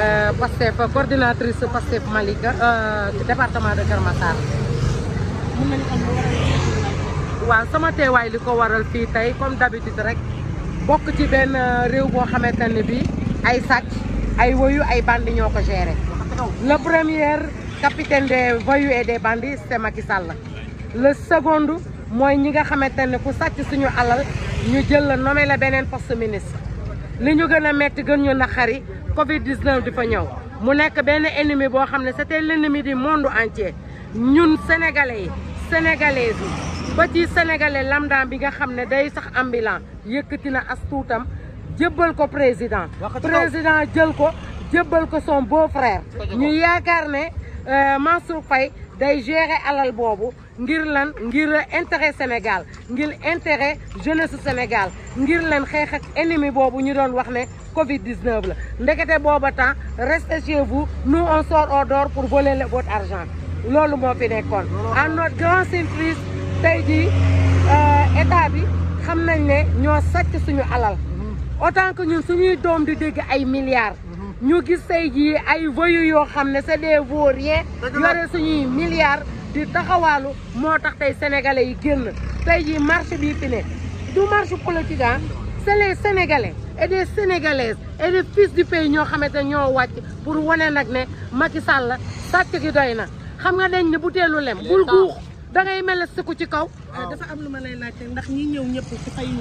Eh, Pastef coordinatrice Pastef Malika eh, département de Keur wa sama teewaay li waral fi tay comme d'habitude rek bok ci ben eh, rew bo xamantene bi ay sàcc ay woyou ay bandi ñoko géré. le premier capitaine des voyous et des bandits c'est Macky Sall le second moy ñi nga xamantene ku sacc suñu alal ñu jël nomé la benen poste ministre li ñu gëna metti gën ñu naxari Covid 19 di fa ñëw mu nekk benn ennemi boo xam ne c'était l'ennemi du monde entier ñun sénégalais yi sénégalaises yi ba ci sénégalais lambda bi nga xam ne day sax ambulant yëkkati na as tuutam jébbal ko président. président jël ko jébbal ko son beau frère. ñu yaakaar ne euh, Mansour Faye day gérer alal boobu ngir lan ngir intérêt Sénégal ngir intérêt jeunesse Sénégal ngir lan xeex ak ennemi boobu ñu doon wax ne. Covid 19 la ndekete booba temps restez chez vous nous on sort au dehors pour voler votre argent loolu moo fi nekkoon. à notre grand surprise tey jii euh, état bi xam nañ ne ñoo sàcc suñu alal mhm. autant que ñun suñuy doom di dégg ay milliards. Nous mhm. gis sait jii ay voyous yoo xam ne c'est des vauriens yore suñuy milliards di taxawaalu moo tax tey sénégalais yi génn tey jii marche bien. du marche politique ah. c'est les sénégalais et des sénégalaises et des ñoo xamante ne ñoo wàcc pour wane nag ne Macky Sall sàcc gi doy na xam nga dañ ne bu teelu lem bul guux da ngay mel si ci kaw. Ah, dafa am lu ma lay laajte ndax ñi ñëw ñëpp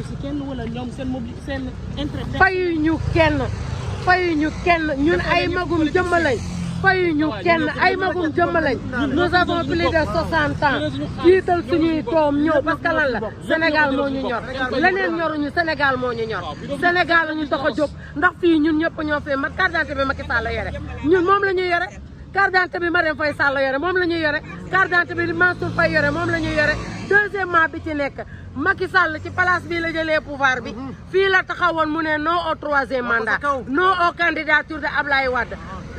ci kenn wala ñoom seen mobil seen intérêt. fayuñu kenn fayuñu kenn ñun ay magum jëmm lañ. fayuñu kenn ay magum jëmm lañ nous avons plus de 60 ans jiital suñuy doom ñëw parce que lan la Sénégal moo ñu ñor ñor ñoruñu Sénégal moo ñu ñor Sénégal la ñu tax a ndax fii ñun ñëpp ñoo fi mat carte d'identité bi Macky Sall la yore ñun moom la ñu yore carte d'identité bi Marième Faye Sall la yore moom la ñu yore carte d'identité bi Mansour Faye yore moom la ñu yore deuxièmement bi ci nekk Macky Sall ci place bii la jëlee pouvoir bi mhm. fii la taxawoon mu ne non au troisième ah, mandat non aux candidatures de Ablaye Wade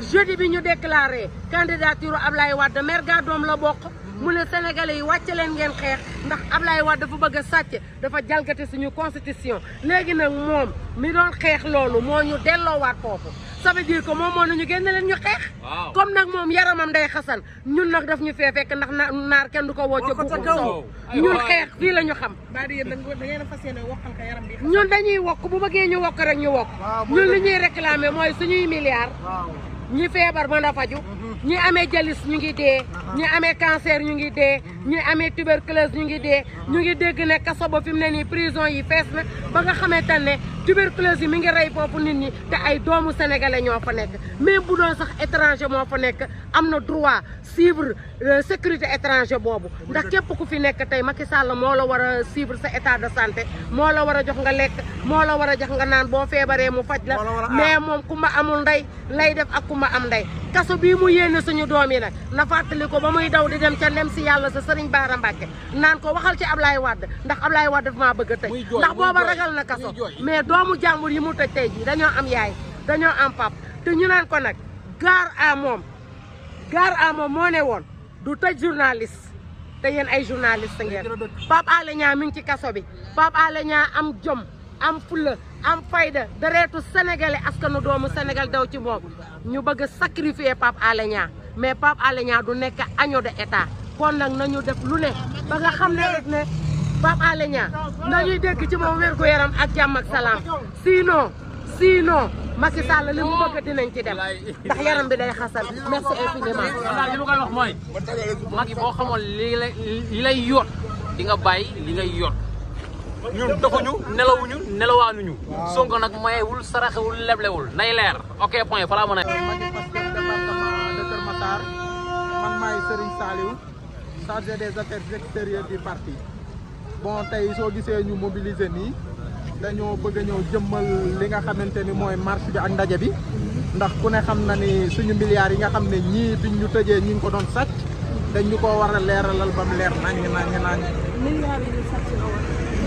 jeudi bi ñu déclaré candidature Ablaye Wade maire Gadoom la bokk. mu ne sénégalais yi wàcce leen ngeen xeex ndax Ablaye Wade dafa bëgg a sàcc dafa jalgati suñu constitution léegi nag moom mi doon xeex loolu moo ñu delloowaat foofu ça veut dire que moom moo nañu génne leen ñu xeex comme nag moom yaramam day xasan ñun nag daf ñu fee fekk ndax naar kenn du ko woo sa buubu ñun xeex fii la ñu xam ñun dañuy wokk bu bëggee ñu wokk rek ñu wokk ñun li ñuy mooy suñuy milliards ñi feebar ba a faju ñi amee jalis ñu ngi dee ñi amee cancer ñu ngi dee ñi amee tuberculose ñu ngi dee ñu ngi dégg ne kaso ba fi mu ne nii prison yi fees na ba nga xamante ne tuberculose yi mi ngi rey foofu nit ñi te ay doomu sénégalais ñoo fa nekk même bu doon sax étranger moo fa nekk am na droit suivre euh, sécurité étranger boobu ndax képp ku fi nekk tey Macky Sall moo la war a suivre sa état de santé moo la war a jox nga lekk moo la war a jox nga naan boo feebaree mu faj la mais moom ku ma amul ndey lay def ak ku ma am ndey kaso bii mu yéene suñu doom yi nag na fàttali ko ba muy daw di dem ca ndem si yàlla sa sëriñ Baara Mbàkke naan ko waxal ci ab Ablaye Wade ndax Ablaye Wade dafa maa bëgg a tëj ndax booba ragal na kaso mais doomu jàmbur yi mu tëj tey jii dañoo am yaay dañoo am pap te ñu naan ko nag gaar à moom gaar à moom moo ne woon du tëj journaliste te yéen ay journaliste ngeen Pape Alé ñaa mi ngi ci kaso bi Pape Alé ñaa am jom am fulla am fayda dereetu sénégalais askanu doomu sénégal daw ci moom ñu bëgg a sacrifier Pape Alé mais Pape Alé Niang du nekk agneau de état kon nag nañu def lu ne ba nga xam ne rek ne Pape Alé Niang nañuy dégg ci moom wér gu yaram ak jàmm ak salaam sinon sinon Macky Sall li mu bëgg dinañ ci dem ndax yaram bi day xasan merci infiniment li mooy Macky boo xamoon li lay li lay yoot di bàyyi li ngay yoot ñun doxuñu nelawuñu nelawaanuñu Sonko nag mayewul saraxewul leblewul nay leer ok point fa laa mën a département de Kër Matar man maay Serigne Saliou chargé des affaires extérieures du parti bon tey soo gisee ñu mobiliser nii dañoo bëgg a ñëw jëmmal li nga xamante ni mooy marche bi ak ndaje bi ndax ku ne xam na ni suñu milliards yi nga xam ne ñii biñ ñu tëjee ñi ngi ko doon sàcc dañ ñu ko war a leeralal ba nañ nañ nañ. milliards yi ñu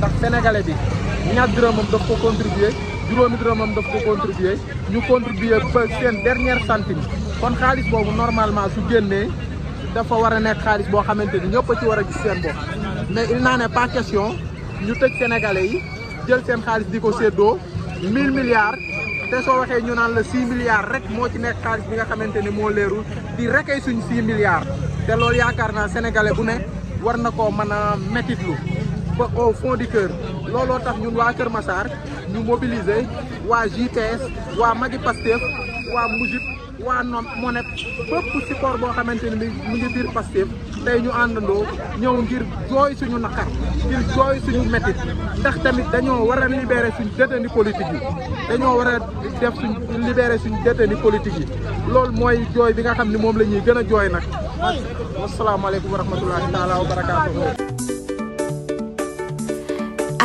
ndax sénégalais bi ñaar dërëmam daf ko contribuer juróomi dërëmam daf ko contribuer ñu contribuer ba seen dernière centime kon xaalis boobu normalement su génnee dafa war a nekk xaalis boo xamante ni ñëpp ci war a gis seen bopp mais il n'en est pas ñu tëj sénégalais yi jël seen xaalis di ko séddoo 1000 milliards te soo waxee ñu naan la 6 milliards rek moo ci nekk xaalis bi nga xamante ni moo leerul rek rekkee suñ 6 milliards te loolu yaakaar naa sénégalais bu ne war na koo mën a métitlu ba au fond du looloo tax ñun waa Kër Massar ñu mobiliser waa JPS waa Magi Pastef waa Mujib waa nom Monet bépp support boo xamante ni mu ngi biir Pastef tey ñu àndandoo ñëw ngir jooy suñu naqar ngir jooy suñu métit ndax tamit dañoo war a libérer suñ détenu politique yi dañoo war a def suñ libérer suñ détenu politique yi loolu mooy jooy bi nga xam ni moom la ñuy gën a jooy nag wasalaamaaleykum wa rahmatulahi taala wa barakaatu